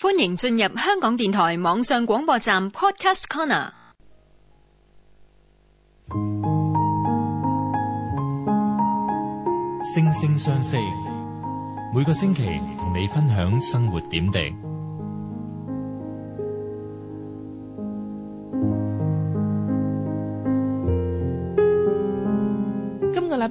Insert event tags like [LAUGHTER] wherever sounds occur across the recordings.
歡迎進入香港電台網上廣播站 Podcast Corner，星聲相識，每個星期同你分享生活點滴。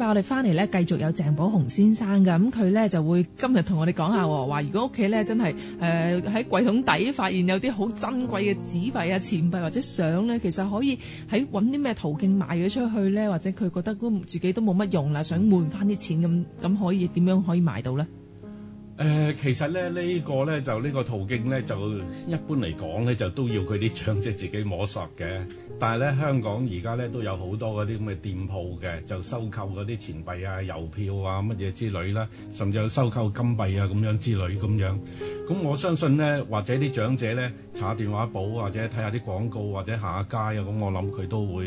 我哋翻嚟咧，繼續有鄭寶鴻先生噶，咁佢咧就會今日同我哋講下，話如果屋企咧真係誒喺櫃桶底發現有啲好珍貴嘅紙幣啊、錢幣或者相咧，其實可以喺搵啲咩途徑賣咗出去咧，或者佢覺得都自己都冇乜用啦，想換翻啲錢咁，咁可以點樣可以賣到咧？誒、呃，其實咧，這個、呢個咧就呢個途徑咧，就一般嚟講咧，就都要佢啲長者自己摸索嘅。但係咧，香港而家咧都有好多嗰啲咁嘅店鋪嘅，就收購嗰啲錢幣啊、郵票啊乜嘢之類啦，甚至有收購金幣啊咁樣之類咁樣。咁我相信咧，或者啲長者咧查電話簿，或者睇下啲廣告，或者行下街啊，咁我諗佢都會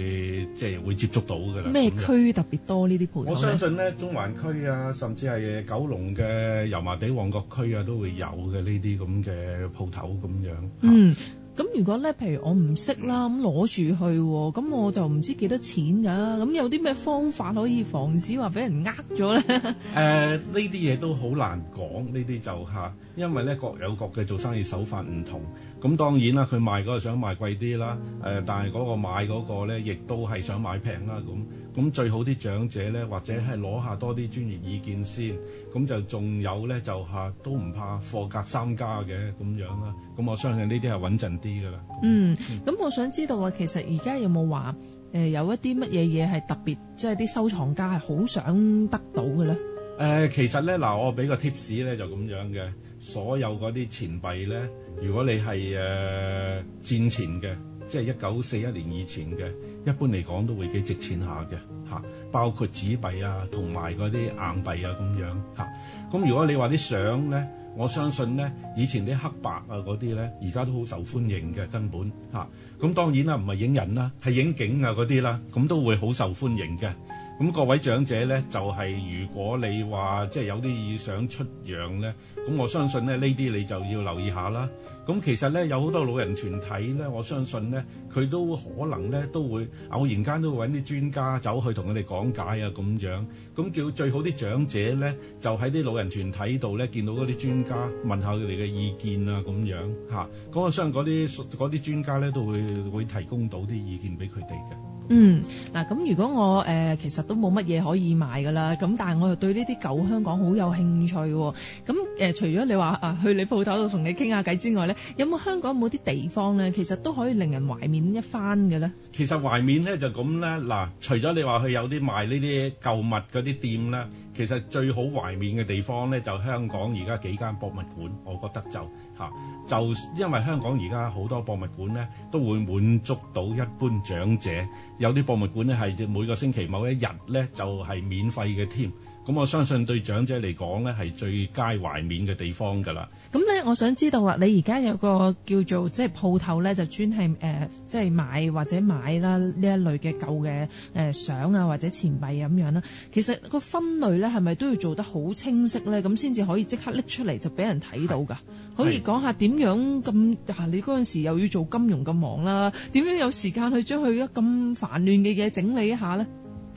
即係、就是、會接觸到嘅啦。咩區特別多呢啲鋪頭？我相信咧，中環區啊，甚至係九龍嘅油麻地、旺角區啊，都會有嘅呢啲咁嘅鋪頭咁樣。嗯，咁是。如果咧，譬如我唔識啦，咁攞住去、哦，咁我就唔知幾多錢㗎、啊。咁有啲咩方法可以防止話俾人 [LAUGHS] 呃咗咧？誒，呢啲嘢都好難講，呢啲就吓，因為咧各有各嘅做生意手法唔同。咁當然啦，佢賣嗰個想賣貴啲啦，誒、呃、但係嗰個買嗰個咧，亦都係想買平啦。咁咁最好啲長者咧，或者係攞下多啲專業意見先。咁就仲有咧，就吓都唔怕貨格三家嘅咁樣啦。咁我相信呢啲係穩陣啲。嗯，咁我想知道啊，其實而家有冇話誒有一啲乜嘢嘢係特別，即係啲收藏家係好想得到嘅咧？誒、呃，其實咧嗱，我俾個 tips 咧就咁樣嘅，所有嗰啲錢幣咧，如果你係誒、呃、戰前嘅，即係一九四一年以前嘅，一般嚟講都會幾值錢下嘅，吓，包括紙幣啊，同埋嗰啲硬幣啊咁樣，吓、啊，咁如果你話啲相咧。我相信呢，以前啲黑白啊嗰啲呢，而家都好受歡迎嘅根本嚇。咁、啊、當然啦，唔係影人啦、啊，係影景啊嗰啲啦，咁、啊、都會好受歡迎嘅。咁各位長者呢，就係如果你話即係有啲意想出讓呢，咁我相信咧呢啲你就要留意下啦。咁其實呢，有好多老人團體呢，我相信呢，佢都可能呢，都會偶然間都會揾啲專家走去同佢哋講解啊咁樣。咁叫最好啲長者呢，就喺啲老人團體度呢，見到嗰啲專家問下佢哋嘅意見啊咁樣嚇。咁我相信嗰啲啲專家呢，都會會提供到啲意見俾佢哋嘅。嗯，嗱，咁如果我誒其實都冇乜嘢可以買噶啦，咁但係我又對呢啲舊香港好有興趣喎。咁誒，除咗你話啊去你鋪頭度同你傾下偈之外咧，有冇香港冇啲地方咧，其實都可以令人懷緬一番嘅咧？其實懷緬咧就咁咧，嗱，除咗你話去有啲賣呢啲舊物嗰啲店咧。其實最好懷緬嘅地方咧，就香港而家幾間博物館，我覺得就嚇、啊、就因為香港而家好多博物館呢，都會滿足到一般長者，有啲博物館呢，係每個星期某一日呢，就係、是、免費嘅添。咁我相信對長者嚟講呢係最佳懷緬嘅地方㗎啦。咁呢，我想知道啊，你而家有個叫做即係鋪頭呢，就專係誒、呃，即係買或者買啦呢一類嘅舊嘅誒、呃、相啊，或者錢幣咁樣啦。其實個分類呢係咪都要做得好清晰呢？咁先至可以即刻拎出嚟就俾人睇到㗎？是可以講下點樣咁、啊？你嗰陣時又要做金融咁忙啦、啊，點樣有時間去將佢咁煩亂嘅嘢整理一下呢？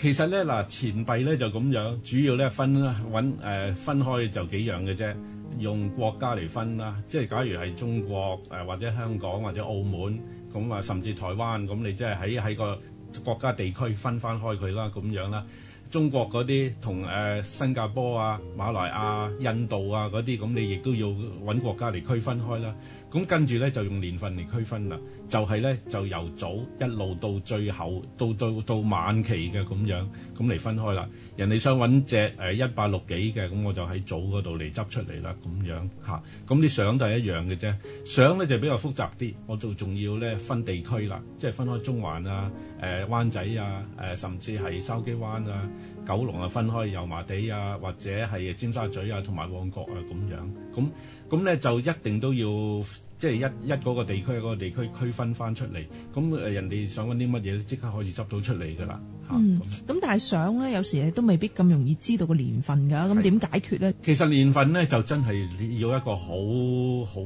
其實咧嗱，錢幣咧就咁樣，主要咧分揾誒、呃、分開就幾樣嘅啫。用國家嚟分啦，即係假如係中國誒、呃，或者香港或者澳門咁啊，甚至台灣咁，你即係喺喺個國家地區分翻開佢啦，咁樣啦。中國嗰啲同誒新加坡啊、馬來亞、印度啊嗰啲，咁你亦都要揾國家嚟區分開啦。咁跟住咧就用年份嚟區分啦，就係咧就由早一路到最後到到到晚期嘅咁樣咁嚟分開啦。人哋想揾隻誒一八六幾嘅，咁我就喺早嗰度嚟執出嚟啦咁樣嚇。咁啲相都係一樣嘅啫，相咧就比較複雜啲。我就仲要咧分地區啦，即係分開中環啊、誒、呃、灣仔啊、誒、呃、甚至係筲箕灣啊、九龍啊分開油麻地啊或者係尖沙咀啊同埋旺角啊咁樣。咁咁咧就一定都要。即係一一嗰個地區嗰個地區區分翻出嚟，咁誒人哋想揾啲乜嘢，即刻可以執到出嚟噶啦嚇。咁、嗯樣嗯、但係相咧，有時都未必咁容易知道個年份噶，咁點的解決咧？其實年份咧就真係要一個好好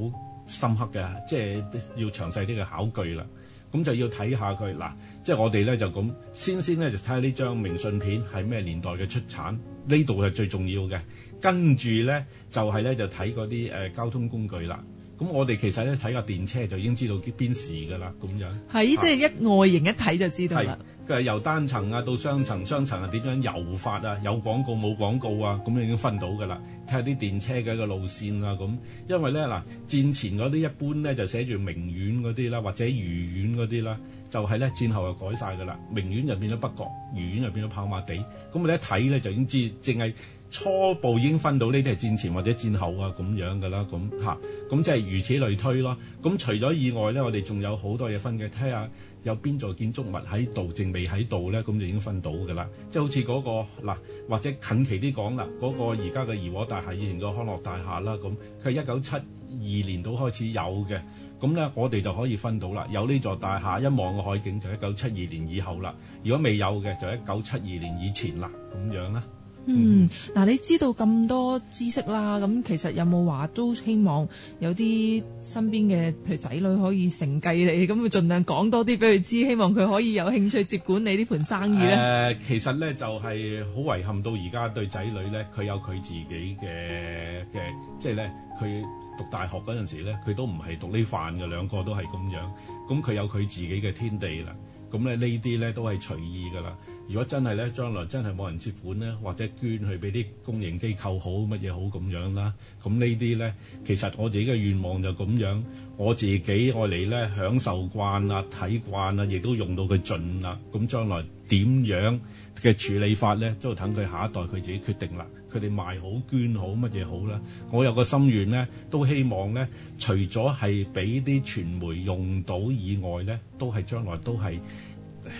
深刻嘅，即係要詳細啲嘅考據啦。咁就要睇下佢嗱，即係我哋咧就咁先先咧就睇下呢張明信片係咩年代嘅出產，呢度係最重要嘅。跟住咧就係、是、咧就睇嗰啲誒交通工具啦。咁我哋其實咧睇下電車就已經知道邊邊時噶啦，咁樣。係是，啊、即係一外形一睇就知道啦。係，佢係由單層啊到雙層，雙層係點樣油發啊？有廣告冇廣告啊？咁樣已經分到噶啦。睇下啲電車嘅個路線啦、啊，咁因為咧嗱戰前嗰啲一般咧就寫住明苑嗰啲啦，或者愉苑嗰啲啦，就係、是、咧戰後又改晒噶啦。明苑就變咗北角，愉苑又變咗跑馬地。咁我哋一睇咧就已經知，淨係，初步已經分到呢啲係戰前或者戰後啊咁樣噶啦，咁嚇，咁即係如此類推咯。咁除咗以外呢，我哋仲有好多嘢分嘅，睇下有邊座建築物喺度，正未喺度呢，咁就已經分到噶啦。即係好似嗰個嗱，或者近期啲講啦，嗰個而家嘅怡和大廈，以前個康樂大廈啦，咁佢係一九七二年度開始有嘅，咁呢，我哋就可以分到啦。有呢座大廈，一望個海景就一九七二年以後啦。如果未有嘅，就一九七二年以前啦，咁樣啦。嗯，嗱、嗯啊，你知道咁多知識啦，咁其實有冇話都希望有啲身邊嘅譬如仔女可以承繼你，咁啊盡量講多啲俾佢知，希望佢可以有興趣接管你呢盤生意咧？誒、呃，其實咧就係、是、好遺憾到而家對仔女咧，佢有佢自己嘅嘅，即係咧佢讀大學嗰陣時咧，佢都唔係讀呢範嘅，兩個都係咁樣，咁佢有佢自己嘅天地啦。咁咧呢啲咧都係隨意㗎啦。如果真係咧將來真係冇人接管咧，或者捐去俾啲公營機構，好乜嘢好咁樣啦。咁呢啲咧，其實我自己嘅願望就咁樣。我自己我嚟咧享受慣啦、啊，睇慣啦，亦都用到佢盡啦。咁將來點樣嘅處理法咧，都等佢下一代佢自己決定啦。佢哋賣好、捐好、乜嘢好啦。我有個心願咧，都希望咧，除咗係俾啲傳媒用到以外咧，都係將來都係。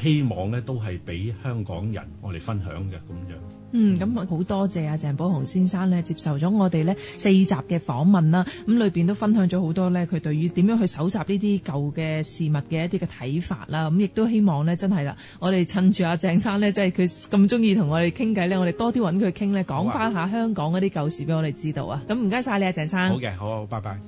希望咧都係俾香港人我哋分享嘅咁樣嗯、啊。嗯，咁好多謝阿鄭寶鴻先生咧接受咗我哋咧四集嘅訪問啦，咁裏邊都分享咗好多呢，佢對於點樣去搜集呢啲舊嘅事物嘅一啲嘅睇法啦，咁、嗯、亦都希望呢，真係啦，我哋趁住阿鄭生呢，即係佢咁中意同我哋傾偈呢，嗯、我哋多啲搵佢傾呢，講翻下香港嗰啲舊事俾我哋知道啊！咁唔該晒你啊，鄭生。好嘅，好，好，拜拜。